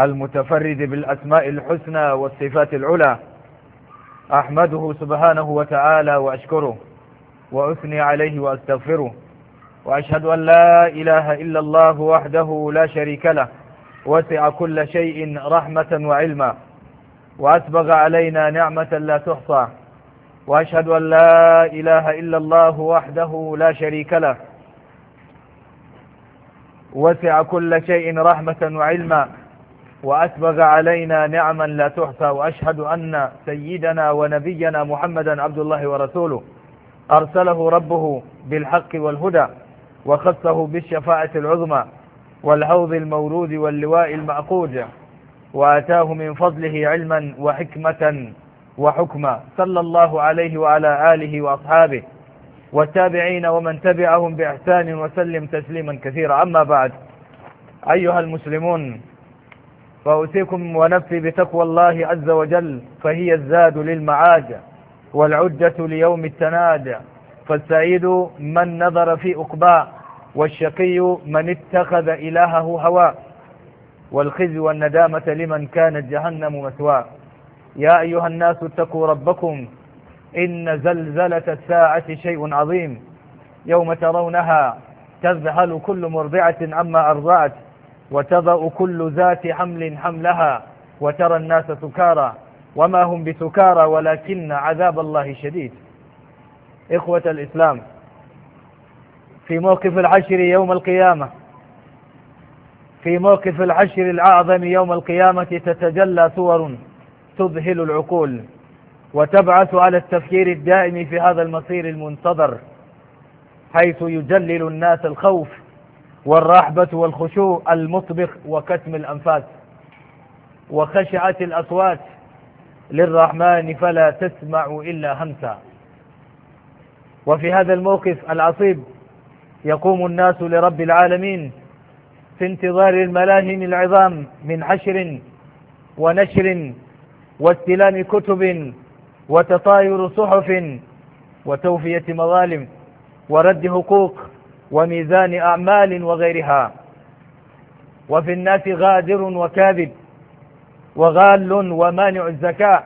المتفرد بالأسماء الحسنى والصفات العلى أحمده سبحانه وتعالى وأشكره وأثني عليه وأستغفره وأشهد أن لا إله إلا الله وحده لا شريك له وسع كل شيء رحمة وعلما وأسبغ علينا نعمة لا تحصى وأشهد أن لا إله إلا الله وحده لا شريك له وسع كل شيء رحمة وعلما وأسبغ علينا نعما لا تحصى وأشهد أن سيدنا ونبينا محمدا عبد الله ورسوله أرسله ربه بالحق والهدى وخصه بالشفاعة العظمى والحوض المورود واللواء المعقود وآتاه من فضله علما وحكمة وحكما صلى الله عليه وعلى آله وأصحابه والتابعين ومن تبعهم بإحسان وسلم تسليما كثيرا أما بعد أيها المسلمون فأوصيكم ونفسي بتقوى الله عز وجل فهي الزاد للمعاد والعدة ليوم التناد فالسعيد من نظر في أقباء والشقي من اتخذ إلهه هواه والخزي والندامة لمن كانت جهنم مثواه يا أيها الناس اتقوا ربكم إن زلزلة الساعة شيء عظيم يوم ترونها تذهل كل مرضعة عما أرضعت وتضأ كل ذات حمل حملها وترى الناس سكارى وما هم بسكارى ولكن عذاب الله شديد إخوة الإسلام في موقف العشر يوم القيامة في موقف العشر الأعظم يوم القيامة تتجلى صور تذهل العقول وتبعث على التفكير الدائم في هذا المصير المنتظر حيث يجلل الناس الخوف والرحبة والخشوع المطبق وكتم الأنفاس وخشعت الأصوات للرحمن فلا تسمع إلا همسا وفي هذا الموقف العصيب يقوم الناس لرب العالمين في انتظار الملاهن العظام من حشر ونشر واستلام كتب وتطاير صحف وتوفية مظالم ورد حقوق وميزان أعمال وغيرها وفي الناس غادر وكاذب وغال ومانع الزكاة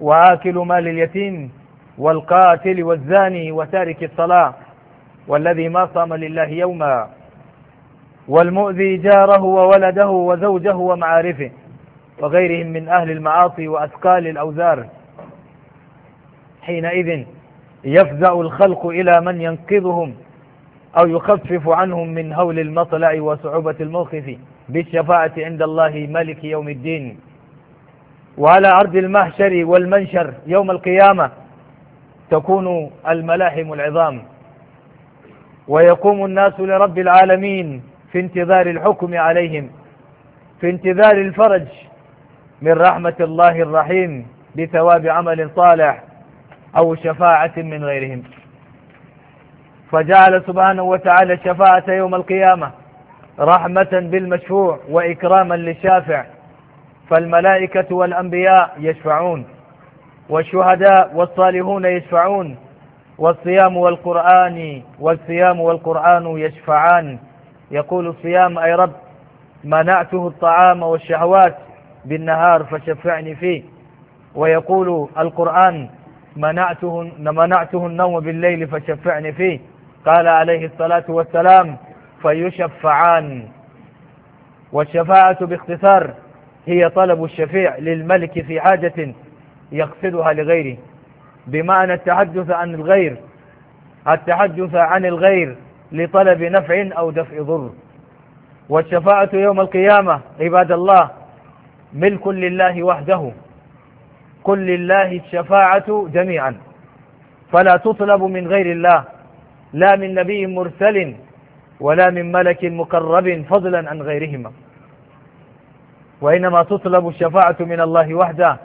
وآكل مال اليتيم والقاتل والزاني وتارك الصلاة والذي ما صام لله يوما والمؤذي جاره وولده وزوجه ومعارفه وغيرهم من أهل المعاصي وأثقال الأوزار حينئذ يفزع الخلق إلى من ينقذهم أو يخفف عنهم من هول المطلع وصعوبة الموقف بالشفاعة عند الله ملك يوم الدين وعلى أرض المحشر والمنشر يوم القيامة تكون الملاحم العظام ويقوم الناس لرب العالمين في انتظار الحكم عليهم في انتظار الفرج من رحمة الله الرحيم بثواب عمل صالح أو شفاعة من غيرهم فجعل سبحانه وتعالى الشفاعة يوم القيامة رحمة بالمشفوع وإكراما للشافع فالملائكة والأنبياء يشفعون والشهداء والصالحون يشفعون والصيام والقرآن والصيام والقرآن يشفعان يقول الصيام أي رب منعته الطعام والشهوات بالنهار فشفعني فيه ويقول القرآن منعته, منعته النوم بالليل فشفعني فيه قال عليه الصلاة والسلام فيشفعان والشفاعة باختصار هي طلب الشفيع للملك في حاجة يقصدها لغيره بمعنى التحدث عن الغير التحدث عن الغير لطلب نفع أو دفع ضر والشفاعة يوم القيامة عباد الله ملك لله وحده كل لله الشفاعة جميعا فلا تطلب من غير الله لا من نبي مرسل ولا من ملك مقرب فضلا عن غيرهما وإنما تطلب الشفاعة من الله وحده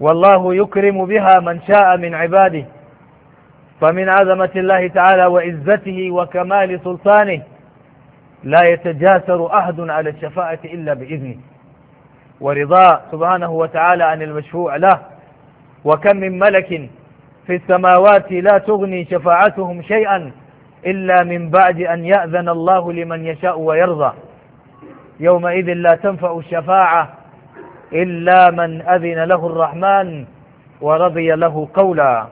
والله يكرم بها من شاء من عباده فمن عظمة الله تعالى وعزته وكمال سلطانه لا يتجاسر أحد على الشفاعة إلا بإذنه ورضاه سبحانه وتعالى عن المشفوع له وكم من ملك في السماوات لا تغني شفاعتهم شيئا إلا من بعد أن يأذن الله لمن يشاء ويرضى يومئذ لا تنفع الشفاعة إلا من أذن له الرحمن ورضي له قولا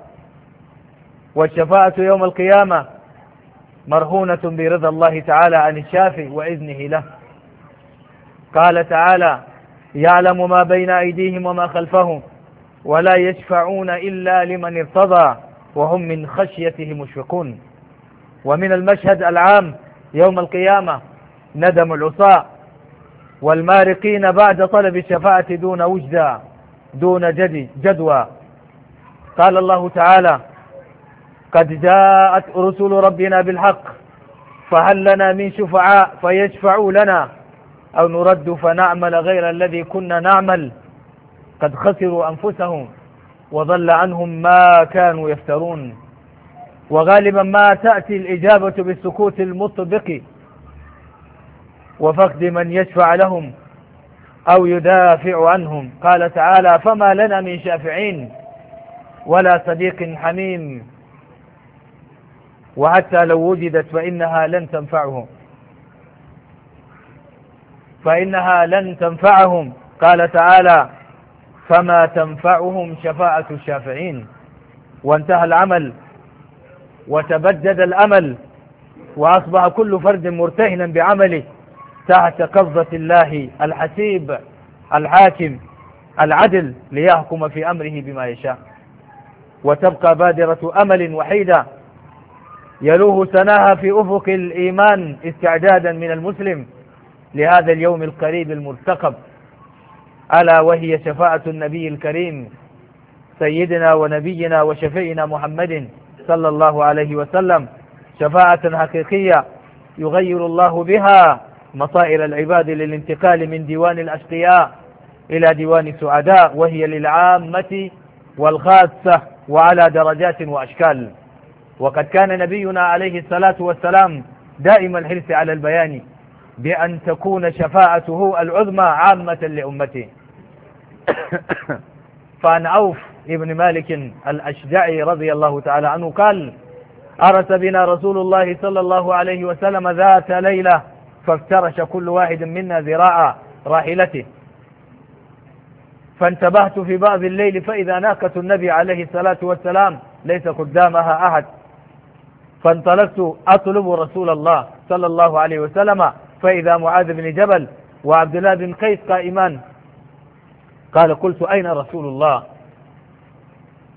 والشفاعة يوم القيامة مرهونة برضا الله تعالى عن الشافي وإذنه له قال تعالى يعلم ما بين أيديهم وما خلفهم ولا يشفعون إلا لمن ارتضى وهم من خشيته مشفقون ومن المشهد العام يوم القيامة ندم العصاة والمارقين بعد طلب الشفاعة دون وجدى دون جدي جدوى قال الله تعالى قد جاءت رسل ربنا بالحق فهل لنا من شفعاء فيشفعوا لنا أو نرد فنعمل غير الذي كنا نعمل قد خسروا أنفسهم وضل عنهم ما كانوا يفترون وغالبا ما تأتي الإجابة بالسكوت المطبق وفقد من يشفع لهم أو يدافع عنهم قال تعالى فما لنا من شافعين ولا صديق حميم وحتى لو وجدت فإنها لن تنفعهم فإنها لن تنفعهم قال تعالى فما تنفعهم شفاعة الشافعين وانتهى العمل وتبدد الأمل وأصبح كل فرد مرتهنا بعمله تحت قبضة الله الحسيب الحاكم العدل ليحكم في أمره بما يشاء وتبقى بادرة أمل وحيدة يلوه سناها في أفق الإيمان استعدادا من المسلم لهذا اليوم القريب المرتقب ألا وهي شفاعة النبي الكريم سيدنا ونبينا وشفيعنا محمد صلى الله عليه وسلم شفاعة حقيقية يغير الله بها مصائر العباد للانتقال من ديوان الأشقياء إلى ديوان السعداء وهي للعامة والخاصة وعلى درجات وأشكال وقد كان نبينا عليه الصلاة والسلام دائم الحرص على البيان بأن تكون شفاعته العظمى عامة لأمته فعن عوف ابن مالك الأشجعي رضي الله تعالى عنه قال أرس بنا رسول الله صلى الله عليه وسلم ذات ليلة فافترش كل واحد منا ذراع راحلته فانتبهت في بعض الليل فإذا ناقة النبي عليه الصلاة والسلام ليس قدامها أحد فانطلقت أطلب رسول الله صلى الله عليه وسلم فإذا معاذ بن جبل وعبد الله بن قيس قائمان قال قلت أين رسول الله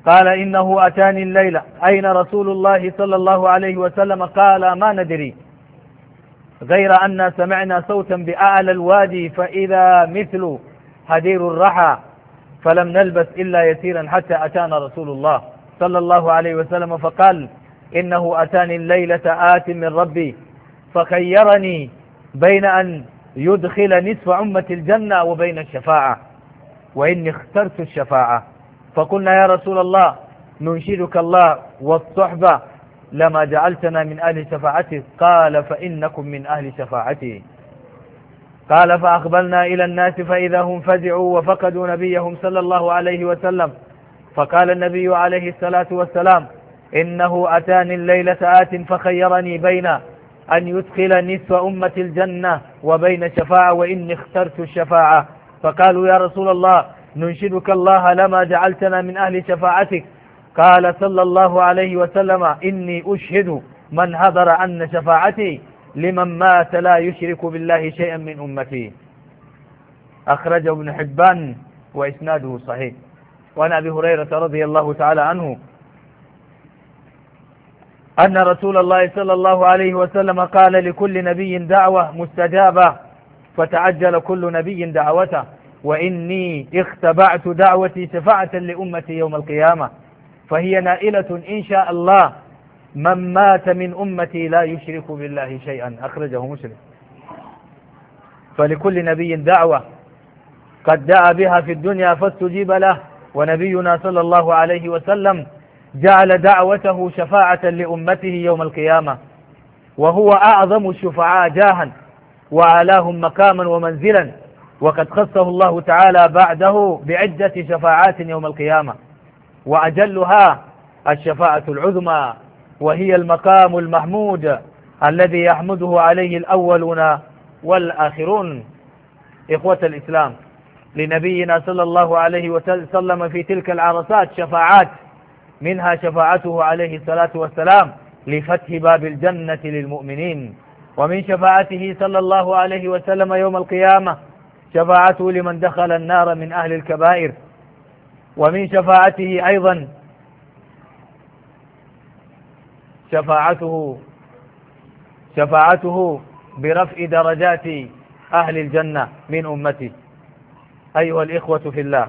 قال إنه أتاني الليلة أين رسول الله صلى الله عليه وسلم قال ما ندري غير أن سمعنا صوتا بأعلى الوادي فإذا مثل هدير الرحى فلم نلبس إلا يسيرا حتى أتانا رسول الله صلى الله عليه وسلم فقال إنه أتاني الليلة آت من ربي فخيرني بين أن يدخل نصف أمة الجنة وبين الشفاعة وإني اخترت الشفاعة فقلنا يا رسول الله ننشدك الله والصحبة لما جعلتنا من أهل شفاعته قال فإنكم من أهل شفاعته قال فأقبلنا إلى الناس فإذا هم فزعوا وفقدوا نبيهم صلى الله عليه وسلم فقال النبي عليه الصلاة والسلام إنه أتاني الليلة آت فخيرني بين أن يدخل نصف أمة الجنة وبين شفاعة وإني اخترت الشفاعة فقالوا يا رسول الله ننشدك الله لما جعلتنا من أهل شفاعتك قال صلى الله عليه وسلم إني أشهد من حضر أن شفاعتي لمن مات لا يشرك بالله شيئا من أمتي أخرجه ابن حبان وإسناده صحيح وعن أبي هريرة رضي الله تعالى عنه أن رسول الله صلى الله عليه وسلم قال لكل نبي دعوة مستجابة فتعجل كل نبي دعوته وإني اختبعت دعوتي شفاعة لأمتي يوم القيامة فهي نائلة إن شاء الله من مات من أمتي لا يشرك بالله شيئا أخرجه مسلم فلكل نبي دعوة قد دعا بها في الدنيا فاستجيب له ونبينا صلى الله عليه وسلم جعل دعوته شفاعة لأمته يوم القيامة وهو أعظم الشفعاء جاها وعلاهم مقاما ومنزلا وقد خصه الله تعالى بعده بعدة شفاعات يوم القيامة وأجلها الشفاعة العظمى وهي المقام المحمود الذي يحمده عليه الأولون والآخرون إخوة الإسلام لنبينا صلى الله عليه وسلم في تلك العرصات شفاعات منها شفاعته عليه الصلاة والسلام لفتح باب الجنة للمؤمنين ومن شفاعته صلى الله عليه وسلم يوم القيامة شفاعته لمن دخل النار من أهل الكبائر ومن شفاعته أيضا شفاعته شفاعته برفع درجات أهل الجنة من أمته أيها الإخوة في الله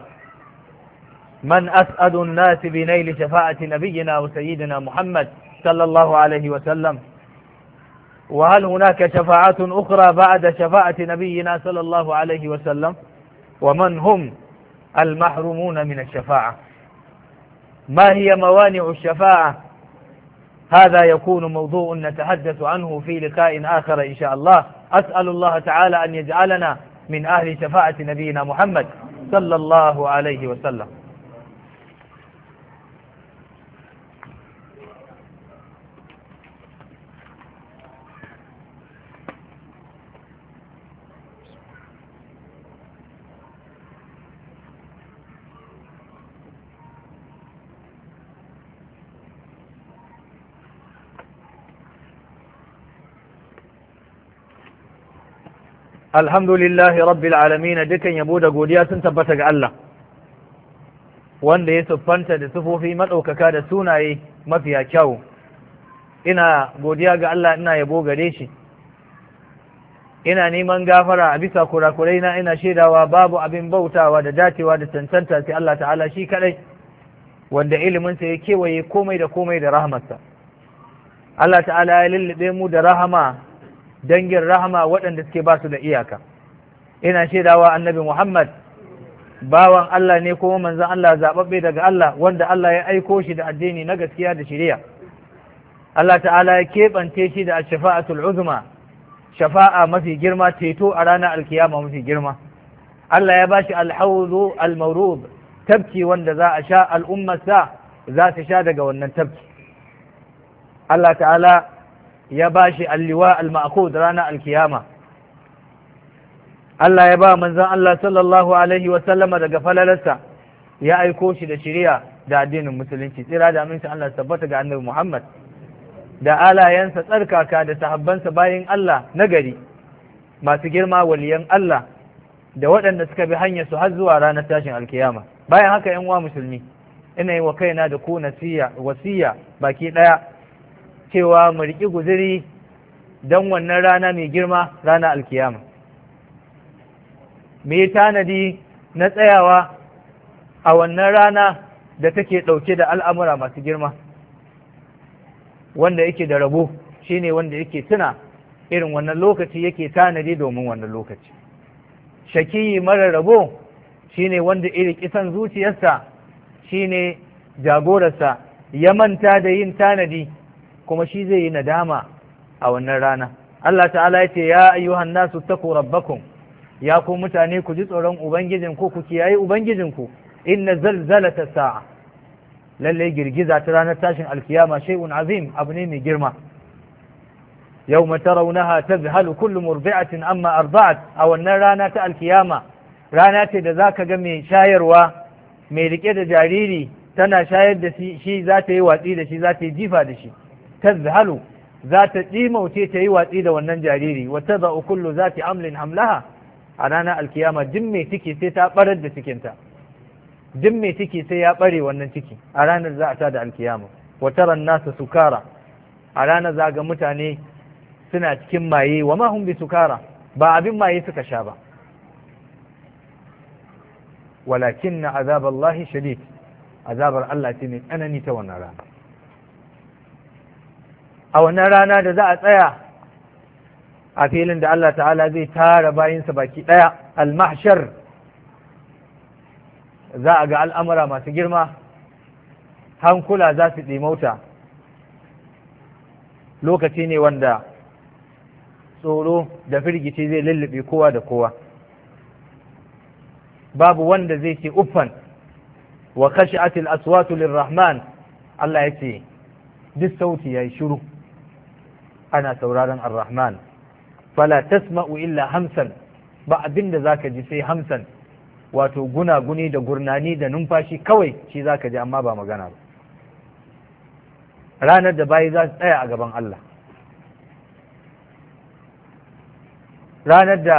من أسعد الناس بنيل شفاعة نبينا وسيدنا محمد صلى الله عليه وسلم وهل هناك شفاعات أخرى بعد شفاعة نبينا صلى الله عليه وسلم ومن هم المحرومون من الشفاعة ما هي موانع الشفاعة هذا يكون موضوع نتحدث عنه في لقاء آخر إن شاء الله أسأل الله تعالى أن يجعلنا من أهل شفاعة نبينا محمد صلى الله عليه وسلم alhamdulillahi rabbil alamina dukan yabo da godiya sun tabbata ga Allah wanda ya siffanta da sufofi maɗaukaka da sunaye mafiya kyau ina godiya ga Allah ina yabo gare shi ina neman gafara a bisa kurakurai na ina shaidawa babu abin bautawa da dacewa da cancanta sai Allah ta'ala shi kadai wanda iliminsa ya kewaye komai da komai da rahmarsa. Allah ta'ala ya lullube mu da rahama dangin rahama waɗanda suke ba su da iyaka ina shaidawa annabi Muhammad bawan Allah ne kuma manzon Allah zaɓaɓɓe daga Allah wanda Allah ya aiko shi da addini na gaskiya da shirya. Allah ta'ala ya keɓance shi da shafa'atul uzma shafa'a mafi girma ceto a ranar alkiyama mafi girma Allah ya bashi alhawzu almawrud tabki wanda za a sha al'ummarsa za su sha daga wannan tabki Allah ta'ala ya bashi alliwa al rana al alkiyama Allah ya ba manzon Allah sallallahu alaihi wa sallama daga falalarsa ya aiko shi da shiriya da addinin musulunci tsira da aminci Allah tabbata ga annabi Muhammad da alayansa tsarkaka da sahabbansa bayin Allah nagari masu girma waliyan Allah da waɗanda suka bi hanya su har zuwa ranar tashin alkiyama bayan haka yan uwa musulmi ina yi wa kaina da ku nasiya wasiya baki ɗaya cewa mu riƙi guziri don wannan rana mai girma rana alkiyama Me tanadi na tsayawa a wannan rana da take ɗauke da al'amura masu girma wanda yake da rabo ne wanda yake tuna irin wannan lokaci yake tanadi domin wannan lokaci shakiyi mara rabo ne wanda iri kisan zuciyarsa shi ne jagorarsa ya manta da yin tanadi kuma shi zai yi nadama a wannan rana Allah ta'ala ya ce ya ayyuhan nasu taku rabbakum ya ku mutane ku ji tsoron ubangijin ku ku kiyaye ubangijin ku inna zalzalata sa'a lalle girgiza ta ranar tashin alkiyama shay'un azim abu ne mai girma yawma tarawunaha tazhalu kullu murdi'atin amma arda'at a wannan rana ta alkiyama rana ce da zaka ga mai shayarwa mai rike da jariri tana shayar da shi za ta yi watsi da shi za ta yi jifa da shi tazhalu za ta ɗimauce ta yi watsi da wannan jariri wata za kullu za ta amlin hamlaha a ranar alkiyama jin mai ciki sai ta barar da cikinta jin mai ciki sai ya bare wannan ciki a ranar za a ta da alkiyama wata ran nasa sukara a ranar za ga mutane suna cikin maye wa ma bi sukara ba abin maye suka sha ba walakin na azabar Allah shadid azabar Allah ce ne tsanani ta wannan rana a wannan rana da za a tsaya a filin da Allah ta'ala zai tara bayansa baki ɗaya al-mahshar za a ga al'amura masu girma hankula za su ɗimauta lokaci ne wanda tsoro da firgici zai lullube kowa da kowa babu wanda zai ce uffan wa atil aswatu lirrahman Allah ya ce duk sauti ya yi shiru ana sauraron ar-rahman fala tasma'u illa hamsan ba abin da zaka ji sai hamsan wato gunaguni da gurnani da numfashi kawai shi zaka ji amma ba magana ba ranar da bayi za su tsaya a gaban Allah ranar da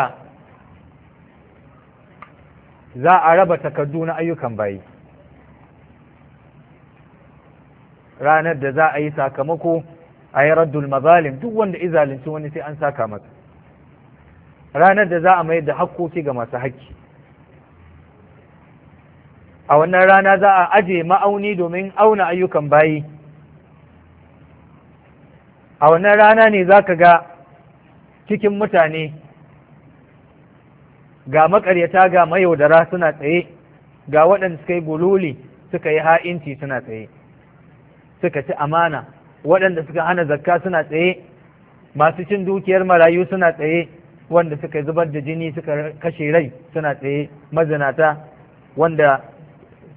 za a raba takardu na ayyukan bayi ranar da za a yi sakamako a yi raddul mazalim duk wanda zalunci wani sai an saka masa ranar da za a mayar da hakkoki ga masu haƙƙi. a wannan rana za a aje ma'auni domin auna ayyukan bayi a wannan rana ne za ka ga cikin mutane ga makaryata ga mayaudara suna tsaye ga waɗanda suka yi gululi suka yi ha'inci suna tsaye suka ci amana waɗanda suka hana zakka suna tsaye masu cin dukiyar marayu suna tsaye wanda suka zubar da jini suka kashe rai suna tsaye mazinata wanda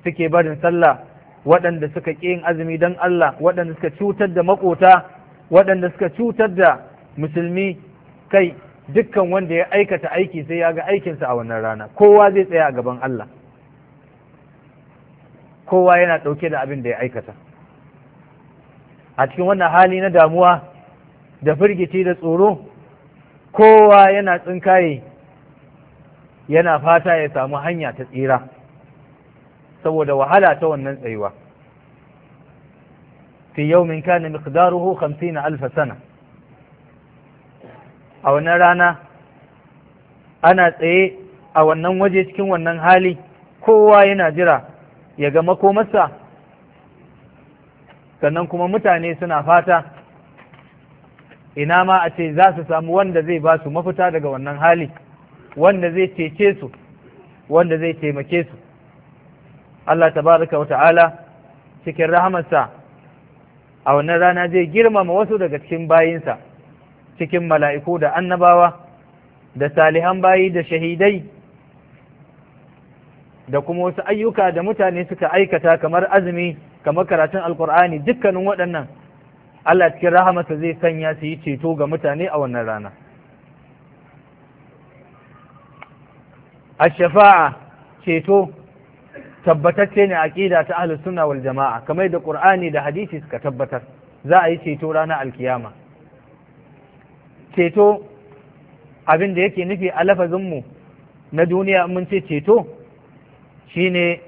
suke barin sallah waɗanda suka ƙi yin azumi don Allah waɗanda suka cutar da maƙota waɗanda suka cutar da musulmi kai dukkan wanda ya aikata aiki sai ya ga aikinsa a wannan rana kowa zai tsaya a gaban Allah kowa yana ɗauke da abin da ya aikata a cikin wannan hali na damuwa da firgici da tsoro kowa yana tsinkaye yana fata ya samu hanya ta tsira saboda wahala ta wannan tsayuwa fi min kane miqdaruhu 50 na sana a wannan rana ana tsaye a wannan waje cikin wannan hali kowa yana jira ya ga makomarsa sannan kuma mutane suna fata ina ma a ce za su samu wanda zai ba su mafita daga wannan hali wanda zai cece su wanda zai taimake su Allah tabaraka wa ta'ala cikin rahamarsa a wannan rana zai girmama wasu daga cikin bayinsa cikin mala'iku da annabawa da salihan bayi da shahidai da kuma wasu ayyuka da mutane suka aikata kamar azumi kamar karatun alkur'ani dukkanin waɗannan Allah cikin rahamata zai sanya su yi ceto ga mutane a wannan rana a shafaa ceto tabbatacce ne ƙida ta ahli suna wal jama'a kamar da ƙur'ani da hadisi suka tabbatar za a yi ceto rana alkiyama ceto abin da yake nufi a lafazinmu na duniya mun ce ceto shine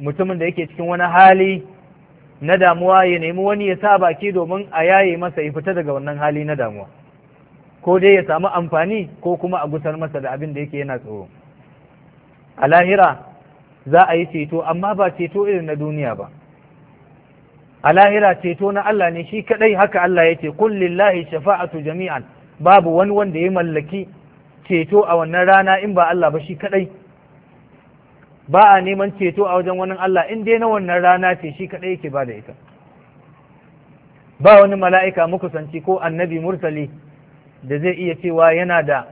mutumin da yake cikin wani hali na damuwa ya nemi wani ya sa baki domin a yaye masa ya fita daga wannan hali na damuwa ko dai ya samu amfani ko kuma a gusar masa da abin da yake yana tsoro a lahira za a yi ceto amma ba ceto irin na duniya ba a lahira ceto na Allah ne shi kadai haka Allah ya ce "Kullillahi shafa'atu jami'an babu wani wanda ya mallaki ceto a wannan rana in ba Allah ba shi kadai ba a neman ceto a wajen wani Allah in dai na wannan rana ce shi kaɗai yake ba da ita ba wani mala'ika makusanci ko annabi mursali da zai iya cewa yana da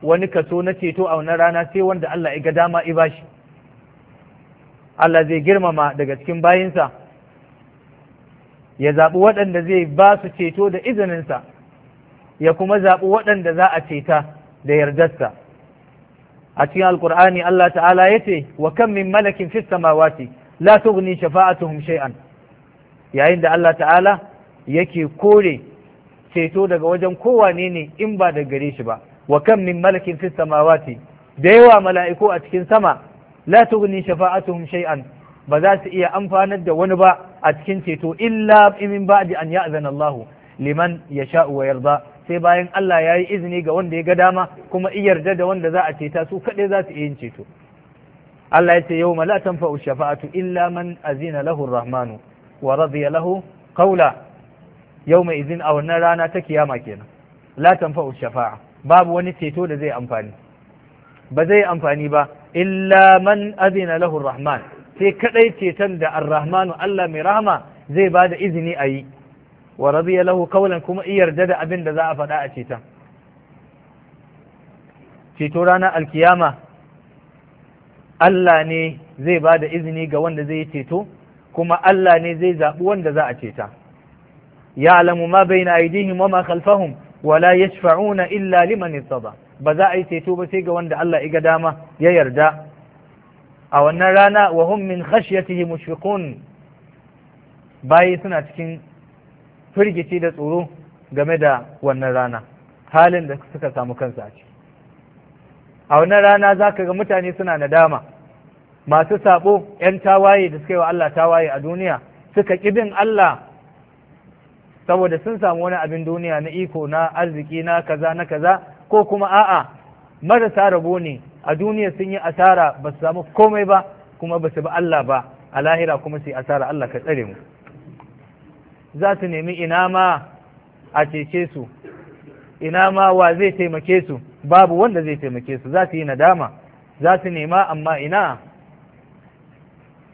wani kaso na ceto a wannan rana sai wanda Allah ya ga dama i bashi Allah zai girmama daga cikin bayinsa ya zaɓi waɗanda zai ba su ceto da izininsa ya kuma zaɓi waɗanda za a ceta da yardarsa a cikin alkur'ani Allah ta'ala ce wa kan min malakin fis samawati la tughni shafa'atuhum shay'an yayin da Allah ta'ala yake kore ceto daga wajen kowane ne in ba da gare shi ba wa kan min malakin fis samawati da yawa mala'iku a cikin sama la tughni shafa'atuhum shay'an ba za su iya amfanar da wani ba a cikin ceto illa min ba'di an ya'zana Allah liman yasha'u wa yarda sai bayan Allah ya yi izini ga wanda ya ga dama kuma iyarda da wanda za a ceta su kaɗai za su yin ceto Allah ya ce yau ma la tanfa'u shafa'atu illa man azina lahu rahmanu wa radiya lahu qawla yau mai izin a wannan rana ta kiyama kenan la tanfa'u shafa'a babu wani ceto da zai amfani ba zai amfani ba illa man azina lahu rahman sai kadai ceton da ar-rahmanu Allah mai rahma zai ba da izini a yi wa radiya lahu qawlan kuma iyarda da abin da za a faɗa a ceta ceto ranar alkiyama Allah ne zai ba da izini ga wanda zai ceto kuma Allah ne zai zaɓi wanda za a ceta ya alamu ma bai na aidihim wa ma khalfahum wala shafauna illa liman irtada ba za a yi ceto ba sai ga wanda Allah iga dama ya yarda a wannan rana wa hum min khashyatihi mushfiqun bayi suna cikin firgici da tsoro game da wannan rana halin da suka samu kansu a ciki a wannan rana za ka ga mutane suna nadama masu sabo 'yan tawaye da suka yi wa Allah tawaye a duniya suka ƙibin Allah saboda sun samu wani abin duniya na iko na arziki na kaza na kaza ko kuma a'a marasa rabo ne a duniya sun yi asara ba su samu komai ba kuma ba su bi Allah ba a lahira kuma su yi asara Allah ka tsare mu za su nemi ina ma a cece su ina ma wa zai taimake su babu wanda zai taimake su za su yi nadama za su nema amma ina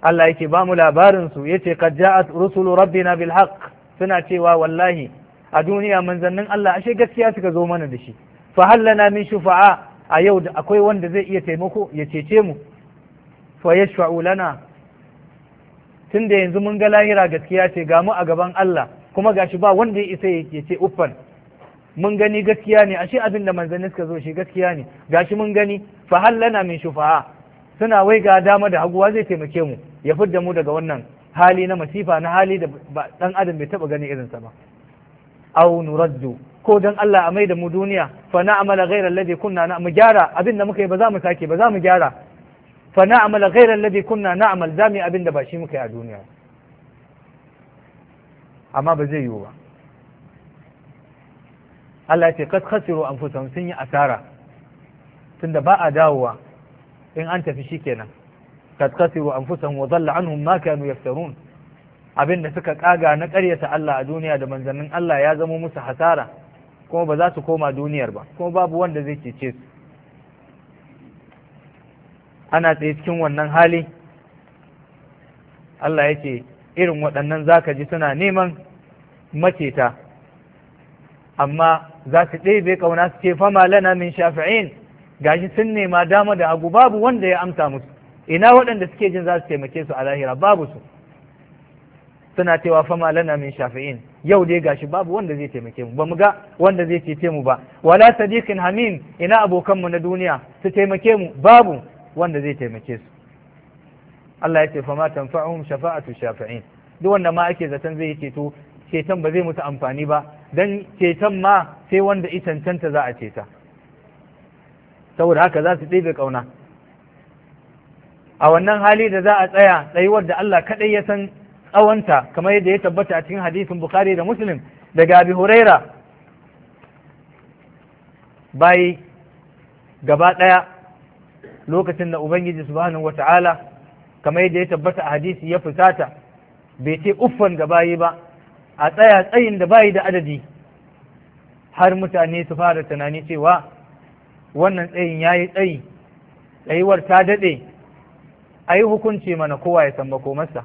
Allah yake ba mu labarin su yace kad ja'at rusulu rabbina bil haqq suna cewa wallahi a duniya manzannin Allah ashe gaskiya suka zo mana da shi fa hallana min shufa'a a yau da akwai wanda zai iya taimako ya cece mu fa yashfa'u lana tun da yanzu mun ga lahira gaskiya ce ga mu a gaban Allah kuma gashi ba wanda ya isa ya ce uffan mun gani gaskiya ne ashe abin da manzanni suka zo shi gaskiya ne gashi mun gani fa hallana min shufa'a suna wai ga dama da haguwa zai taimake mu ya fidda mu daga wannan hali na masifa na hali da dan adam bai taba gani sa ba aw nuraddu ko dan Allah a mai da mu duniya fa na'mala ghayra alladhi kunna na mu gyara abin da muka yi ba za mu sake ba za mu gyara fa amala ghairal ladhi kunna na'mal zami abinda ba shi muka yi a duniya amma ba zai yiwu ba Allah ya ce kad khasiru sun yi asara tunda ba a dawowa in an tafi shi kenan khasiru anfusahum wa la'anun maka ma kanu abin da suka kaga na karyata Allah a duniya da manzannin Allah ya zamo musu hasara kuma ba za su koma duniyar ba kuma babu wanda zai cece su ana tsaye cikin wannan hali Allah ya ce irin waɗannan za ka ji suna neman maceta amma za su ɗebe ƙauna su fama lana min shafi'in gashi sun nema dama da hagu babu wanda ya amsa musu ina waɗanda suke jin za su taimake su a lahira babu su suna cewa fama lana min shafi'in yau dai gashi babu wanda zai taimake mu ba mu ga wanda zai cece mu ba wala sadiqin hamim ina abokanmu na duniya su taimake mu babu wanda zai taimake su Allah ya ce fa ma tanfa'uhum shafa'atu shafi'in duk wanda ma ake zaton zai ceto ceton ba zai mutu amfani ba dan ceton ma sai wanda i za a ceta saboda haka za su ɗebe ƙauna a wannan hali da za a tsaya tsayuwar da Allah kadai ya san tsawonta kamar yadda ya tabbata a cikin hadisin bukhari da muslim daga abi huraira bai gaba ɗaya lokacin da ubangiji subhanahu Ta'ala, kamar yadda ya tabbata a hadisi ya fusata bai ce uffan ga bayi ba a tsaya tsayin da bayi da adadi har mutane su fara tunani cewa wannan tsayin ya yi tsayi tsayuwar ta daɗe a yi hukunci mana kowa ya san makomarsa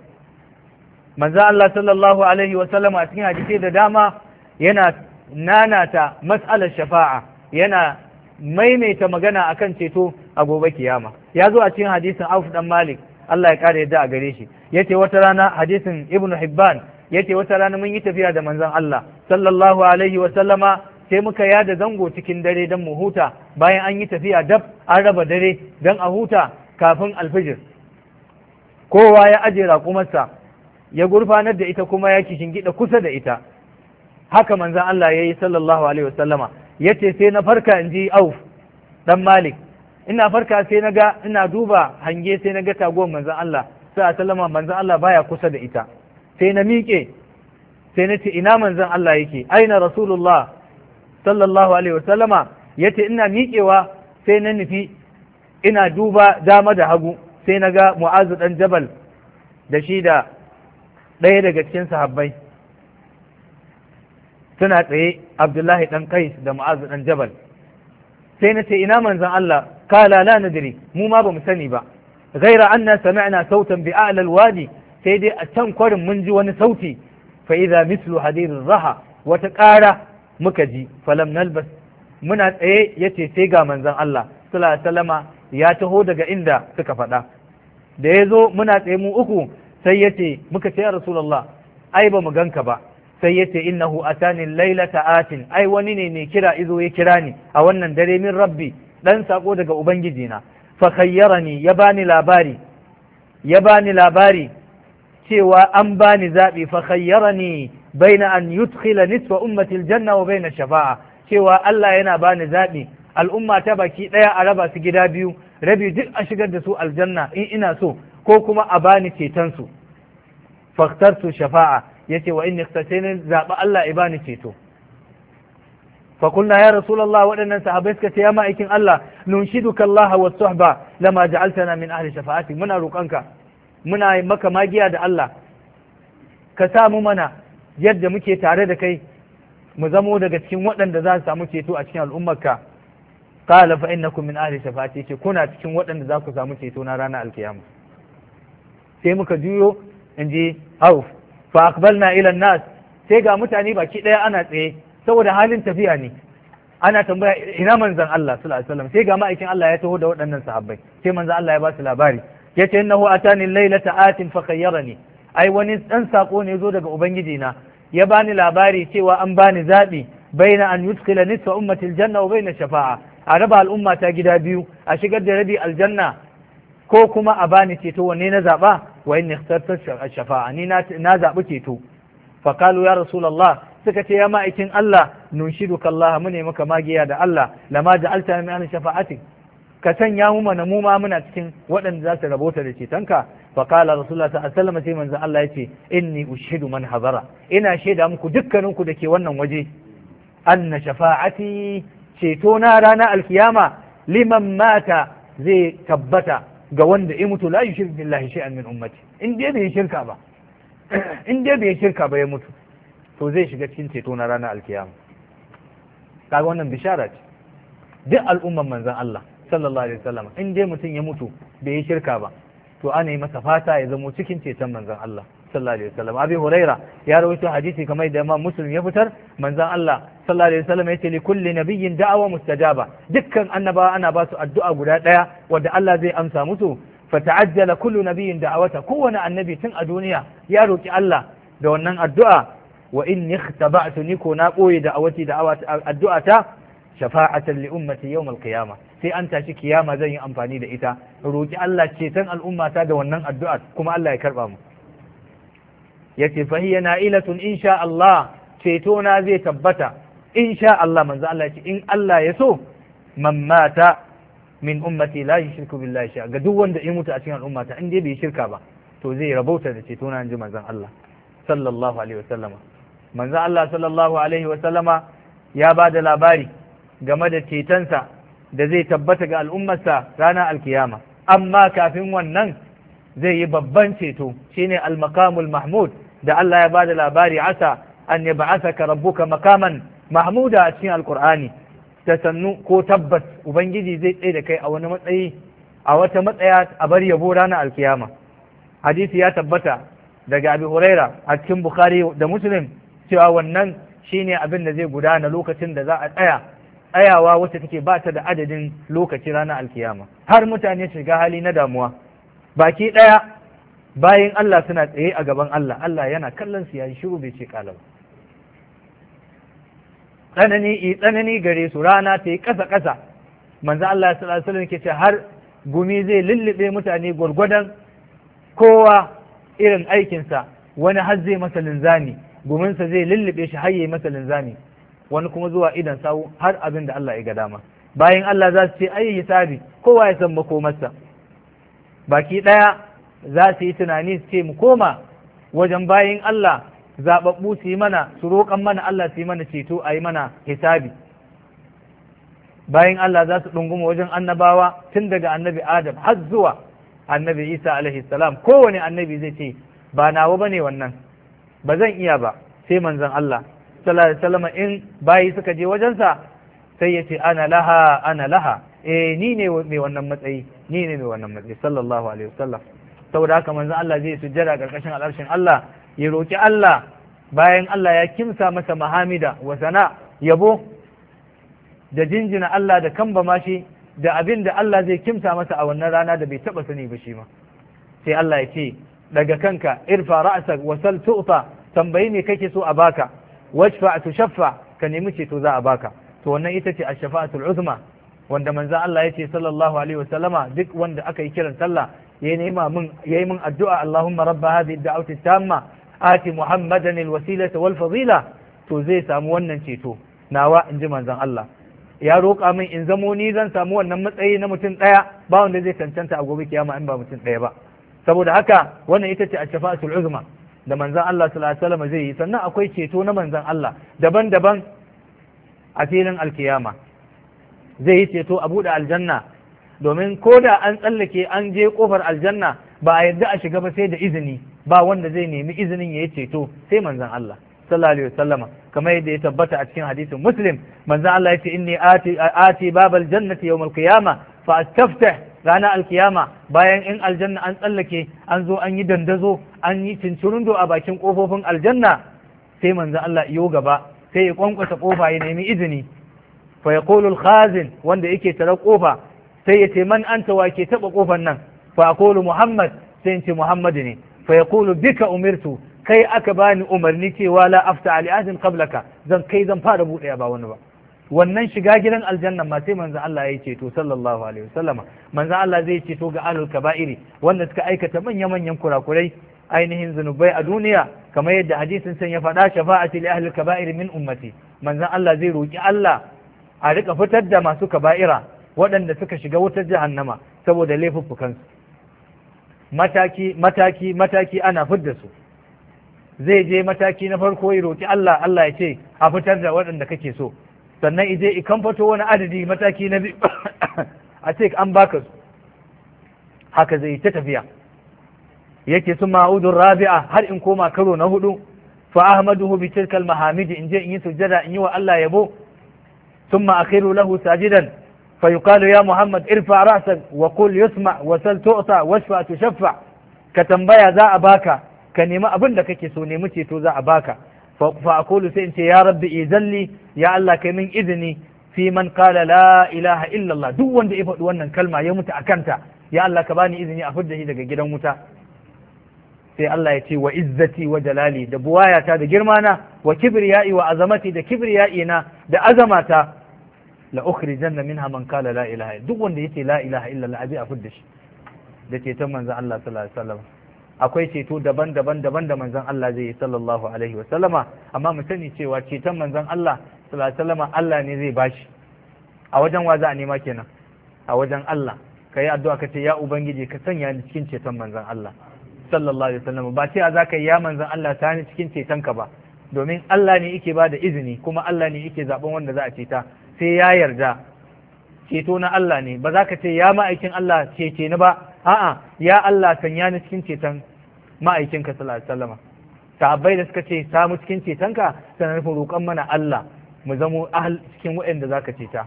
manzan Allah sallallahu alaihi wasallam a cikin hadisi da dama yana nanata mas'alar shafa'a yana maimaita magana a kan ceto a gobe kiyama ya zo a cikin hadisin Auf dan Malik Allah ya kare yadda a gare shi yace wata rana hadisin Ibn Hibban yace wata rana mun yi tafiya da manzon Allah sallallahu alaihi wa sallama sai muka yada zango cikin dare don mu huta bayan an yi tafiya dab an raba dare don a huta kafin alfijir kowa ya aje raƙumarsa ya gurfanar da ita kuma ya kishin gida kusa da ita haka manzan Allah ya yi sallallahu alaihi wa sallama. ya ce sai na farka in ji auf dan malik ina farka sai na ga ina duba hange sai na ga taguwar manzan Allah sai a sallama manzan Allah baya kusa da ita sai na miƙe sai na ce ina manzan Allah yake aina rasulullah sallallahu alaihi wasallama yace ina miƙewa sai na nufi ina duba dama da hagu sai na ga mu'azu dan jabal da shi da ɗaya daga cikin sahabbai suna tsaye abdullahi ɗan kais da mu'azu ɗan jabal sai na ce ina manzan Allah kala la nadri mu ma ba mu sani ba ghaira anna sami'na sautan bi a'la alwadi sai dai a can kwarin mun ji wani sauti fa idza mislu hadirin raha wata ƙara muka ji falam nalbas muna tsaye yace sai ga manzan Allah sallallahu alaihi ya taho daga inda suka faɗa da ya zo muna tsaye mu uku sai ya ce muka ce ya rasulullah ai ba mu ganka ba sai ya ce innahu atani lailata ta'atin, ai wani ne mai kira izo ya kira ni a wannan dare min rabbi dan sako daga ubangiji na fa khayyarani ya bani labari ya bani labari cewa an bani zabi fa khayyarani baina an yudkhila nisfa ummati aljanna wa baina shafa'a cewa Allah yana bani zabi al'umma ta baki daya a raba su gida biyu rabi duk a shigar da su aljanna in ina so ko kuma a bani ceton su faktartu shafa'a ya yace wa inni na zaba Allah bani ceto fa ya rasulallah waɗannan sahabbai suka ce ya ma'aikin Allah nunshidu kallaha wa suhba lama ja'altana min ahli shafa'ati muna roƙanka muna maka magiya da Allah ka sa mu mana yadda muke tare da kai mu zamo daga cikin waɗanda za su samu ceto a cikin al'ummarka qala fa innakum min ahli shafa'ati ce kuna cikin waɗanda za ku samu ceto na ranar alkiyama sai muka juyo in ji auf fa aqbalna ila nas sai ga mutane baki daya ana tsaye saboda halin tafiya ne ana tambaya ina manzon Allah sallallahu alaihi wasallam sai ga ma'aikin Allah ya taho da waɗannan sahabbai sai manzon Allah ya ba su labari yace innahu atani laylata atin fa khayyarani ai wani dan sako ne zo daga ubangiji na ya bani labari cewa an bani zabi baina an yudkhila nisfa ummati aljanna wa baina shafa'a a raba al'umma ta gida biyu a shigar da rabi aljanna ko kuma a bani ceto wanne na zaba wa inni shafa'a ni na zaɓi ceto fa qalu ya rasulullah suka ce ya ma'aikin Allah nunshiduka Allah mu ne maka magiya da Allah lama da min ahli shafa'ati ka sanya mu mana muna cikin waɗanda za su rabota da cetonka fa qala rasulullah sallallahu alaihi wasallam sai manzo Allah yace inni ushidu man hazara ina shaida muku dukkanin da ke wannan waje anna shafa'ati ceto na rana alkiyama liman mata zai tabbata ga wanda ya mutu la yushrik billahi shay'an min ummati in dai bai shirka ba in dai bai shirka ba ya mutu to zai shiga cikin ceto na ranar alkiyama kaga wannan bishara ce duk al'umman manzon Allah sallallahu alaihi wasallam in dai mutum ya mutu bai yi shirka ba to ana yi masa fata ya zamo cikin ceton manzon Allah sallallahu alaihi wasallam abi huraira ya rawaito hadisi kamar da imam muslim ya fitar manzon Allah sallallahu alaihi wasallam yace li kulli nabiyyin da'awa mustajaba dukkan annaba ana ba su addu'a guda daya wanda Allah zai amsa musu fata'ajjala kullu nabiyyin da'awata kowane annabi tun a duniya ya roki Allah da wannan addu'a wa in ikhtaba'tu ni ko na koyi da'awati addu'ata shafa'atan li ummati yawm al-qiyamah sai an tashi kiyama zan yi amfani da ita roki Allah ceton al'ummata da wannan addu'a kuma Allah ya karba mu yace fa hiya na'ilatun insha Allah ceto na zai tabbata in sha Allah manzo Allah ya ce in Allah ya so man mata min ummati la yushriku billahi sha ga duk wanda ya mutu a cikin al'ummata in dai bai shirka ba to zai rabauta da ceto na ji manzon Allah sallallahu alaihi wasallama manzon Allah sallallahu alaihi wasallama ya ba da labari game da cetonsa da zai tabbata ga al'ummarsa ranar alkiyama amma kafin wannan zai yi babban ceto shine al-maqamul mahmud da Allah ya ba da labari asa an yab'athaka rabbuka maqaman mahmuda a cikin alkur'ani ta sannu ko tabbas ubangiji zai tsaye da kai a wani matsayi a wata matsaya a bar yabo ranar alkiyama hadisi ya tabbata daga abi huraira a cikin bukhari da muslim cewa wannan shine abin da zai gudana lokacin da za a tsaya tsayawa wacce take ba ta da adadin lokaci ranar alkiyama har mutane shiga hali na damuwa baki ɗaya bayan Allah suna tsaye a gaban Allah Allah yana kallon su yayi shiru bai ce kala ba tsanani tsanani gare su rana ta yi ƙasa ƙasa manzo Allah sallallahu alaihi ke ce har gumi zai lullube mutane gwargwadon kowa irin aikinsa wani har zai masa linzami guminsa zai lullube shi har yi masa linzami wani kuma zuwa idan sawu har abin da Allah ya ga dama bayan Allah za su ce ai hisabi kowa ya san makomarsa baki ɗaya za su yi tunani su ce mu koma wajen bayan Allah zaɓaɓɓu su yi mana su roƙan mana Allah su yi mana ceto a yi mana hisabi bayan Allah za su ɗunguma wajen annabawa tun daga annabi Adam har zuwa annabi Isa alaihi salam kowane annabi zai ce ba nawa ne wannan ba zan iya ba sai manzon Allah sallallahu alaihi in bayi suka je wajensa sai ya ce ana laha ana laha eh ni ne mai wannan matsayi ni ne mai wannan matsayi sallallahu alaihi wasallam saboda haka manzon Allah zai sujjada ƙarƙashin al'arshin Allah ya roƙi Allah bayan Allah ya kimsa masa mahamida wa sana yabo da jinjina Allah da kan bamashi, da abin da Allah zai kimsa masa a wannan rana da bai taɓa sani ba shi ma sai Allah ya ce daga kanka irfa ra'asa wa sal tu'ta tambayi me kake so a baka washfa tushaffa ka nemi ceto za a baka to wannan ita ce ash-shafa'atul uzma wanda manzo Allah ya ce sallallahu alaihi wasallama duk wanda aka yi kiran sallah ya nema min yayi min addu'a Allahumma rabb hadhihi ad-da'wati tamma ati muhammadan alwasila wal fadila to zai samu wannan ceto nawa in ji manzon Allah ya roƙa min in zamo ni zan samu wannan matsayi na mutum ɗaya ba wanda zai cancanta a gobe kiyama in ba mutum ɗaya ba saboda haka wannan ita ce a shafa'atul uzma da manzon Allah sallallahu alaihi wasallam zai yi sannan akwai ceto na manzon Allah daban-daban a filin alkiyama zai yi ceto a buɗe aljanna domin ko da an tsallake an je kofar aljanna ba a yadda a shiga ba sai da izini ba wanda zai nemi izinin ya yi ceto sai manzon Allah sallallahu alaihi wasallama kamar yadda ya tabbata a cikin hadisin muslim manzan Allah yace inni ati ati babal jannati yawmal qiyama fa astaftah rana alkiyama bayan in aljanna an tsallake an zo an yi dandazo an yi cincirundo a bakin kofofin aljanna sai manzon Allah iyo gaba sai ya kwankwasa kofa ya nemi izini fa yaqulu al wanda yake tare kofa sai ya ce man anta wa ke taba kofar nan fa aqulu muhammad sai in ce muhammad ne fa yaqulu bika umirtu kai aka bani umarni cewa la afta ali qablaka zan kai zan fara buɗe ba wani ba wannan shiga gidan aljanna ma sai manzo Allah ya ceto sallallahu alaihi wasallama manzo Allah zai ceto ga ahlul kaba'iri wanda suka aikata manya manyan kurakurai ainihin zunubai a duniya kamar yadda hadisin san ya faɗa shafa'ati li ahlul kaba'iri min ummati manzo Allah zai roki Allah a rika fitar da masu kaba'ira waɗanda suka shiga wutar jahannama saboda laifuffukansu mataki mataki mataki ana fidda su zai je mataki na farko ya roki Allah Allah ya ce a fitar da waɗanda kake so sannan ije i kamfato wani adadi mataki na biyu a ce an baka su haka zai ta tafiya yake su ma'udun rabi'a har in koma karo na hudu fa ahmaduhu bi tilkal mahamidi in je in yi sujada in yi wa Allah yabo thumma akhiru lahu sajidan فيقال يا محمد ارفع رأسك وقل يسمع وسل تؤطى واشفع تشفع كتنبيا ذا أباك كنما أبن لك كسوني متيتو ذا أباك فأقول سئنت يا ربي إذن لي يا الله كمن إذني في من قال لا إله إلا الله دو وند إفت ونن كلمة يموت أكنت يا الله كباني إذني أفده إذا جدا موتا sai Allah ya ce wa izzati wa jalali da buwayata da girmana wa kibriyai wa azamati da kibriyai na da azamata la ukhrijanna minha man qala la ilaha duk wanda yace la ilaha illa abi a shi da ceton manzon Allah sallallahu alaihi wasallam akwai ceto daban-daban daban da manzon Allah zai yi sallallahu alaihi wasallama amma mu sani cewa ceton manzon Allah sallallahu alaihi wasallama Allah ne zai bashi a wajen wa za a nema kenan a wajen Allah ka yi addu'a ka ce ya ubangiji ka sanya ni cikin ceton manzon Allah sallallahu alaihi wasallam ba ce za ka yi ya manzon Allah ta ni cikin ceton ka ba domin Allah ne yake ba da izini kuma Allah ne yake zaben wanda za a ceta sai ya yarda ceto na Allah ne ba za ka ce ya ma'aikin Allah cece ni ba a'a ya Allah sanya ni cikin ceton ma'aikin ka sallallahu alaihi wasallam sahabbai da suka ce samu cikin ceton ka sanar nufin roƙon mana Allah mu zamo ahal cikin waɗanda za ka ceta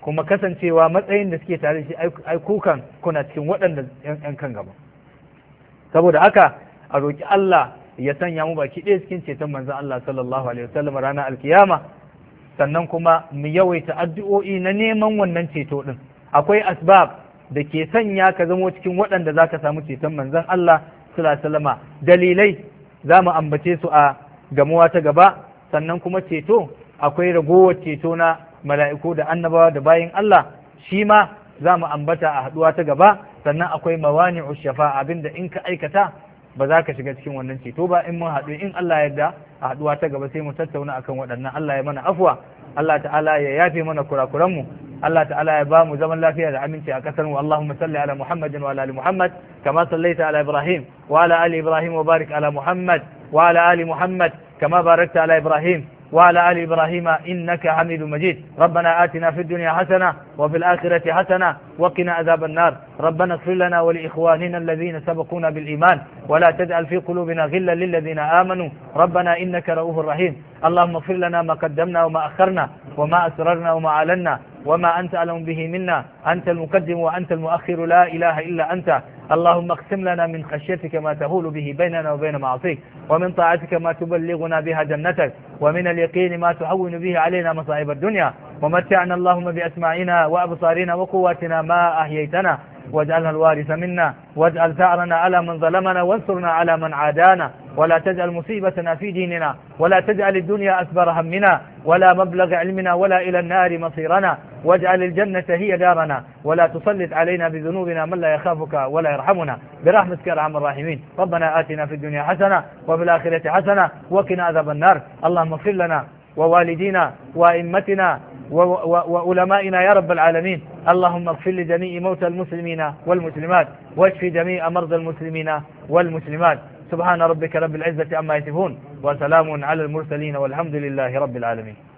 kuma kasancewa matsayin da suke tare shi ai kukan kuna cikin waɗanda yan kan gaba saboda haka a roƙi Allah ya sanya mu baki ɗaya cikin ceton manzon Allah sallallahu alaihi wasallam ranar alkiyama sannan kuma mu yawaita addu'o'i na neman wannan ceto ɗin akwai asbab da ke sanya ka zamo cikin waɗanda za ka samu ceton manzon Allah salama dalilai za mu ambace su a gamuwa ta gaba sannan kuma ceto akwai ragowar ceto na mala'iku da annabawa da bayan Allah shi ma za mu ambata a haɗuwa ta gaba sannan akwai mawani'u ushafa abinda in ka aikata ba za ka shiga cikin wannan ceto ba in mun haɗu in Allah yarda a haɗuwa ta gaba sai mu tattauna akan waɗannan Allah ya mana afwa Allah ta'ala ya yafe mana kurakuranmu Allah ta'ala ya ba mu zaman lafiya da aminci a kasar mu Allahumma salli ala Muhammadin wa ala ali Muhammad kama sallaita ala Ibrahim wa ala ali Ibrahim wa barik ala Muhammad wa ala ali Muhammad kama barakta ala Ibrahim وعلى آل إبراهيم إنك حميد مجيد ربنا آتنا في الدنيا حسنة وفي الآخرة حسنة وقنا عذاب النار ربنا اغفر لنا ولإخواننا الذين سبقونا بالإيمان ولا تجعل في قلوبنا غلا للذين آمنوا ربنا إنك رؤوف رحيم اللهم اغفر لنا ما قدمنا وما أخرنا وما أسررنا وما أعلنا وما أنت ألم به منا أنت المقدم وأنت المؤخر لا إله إلا أنت اللهم اقسم لنا من خشيتك ما تهول به بيننا وبين معصيك ومن طاعتك ما تبلغنا بها جنتك ومن اليقين ما تهون به علينا مصائب الدنيا ومتعنا اللهم بأسماعنا وأبصارنا وقواتنا ما أحييتنا واجعلنا الوارث منا واجعل ثأرنا على من ظلمنا وانصرنا على من عادانا ولا تجعل مصيبتنا في ديننا ولا تجعل الدنيا أكبر همنا ولا مبلغ علمنا ولا إلى النار مصيرنا واجعل الجنة هي دارنا ولا تسلط علينا بذنوبنا من لا يخافك ولا يرحمنا برحمتك يا ارحم الراحمين ربنا آتنا في الدنيا حسنة وفي الآخرة حسنة وقنا عذاب النار اللهم اغفر لنا ووالدينا وأئمتنا وعلمائنا يا رب العالمين اللهم اغفر لجميع موتى المسلمين والمسلمات واشف جميع مرضى المسلمين والمسلمات سبحان ربك رب العزة عما يصفون وسلام على المرسلين والحمد لله رب العالمين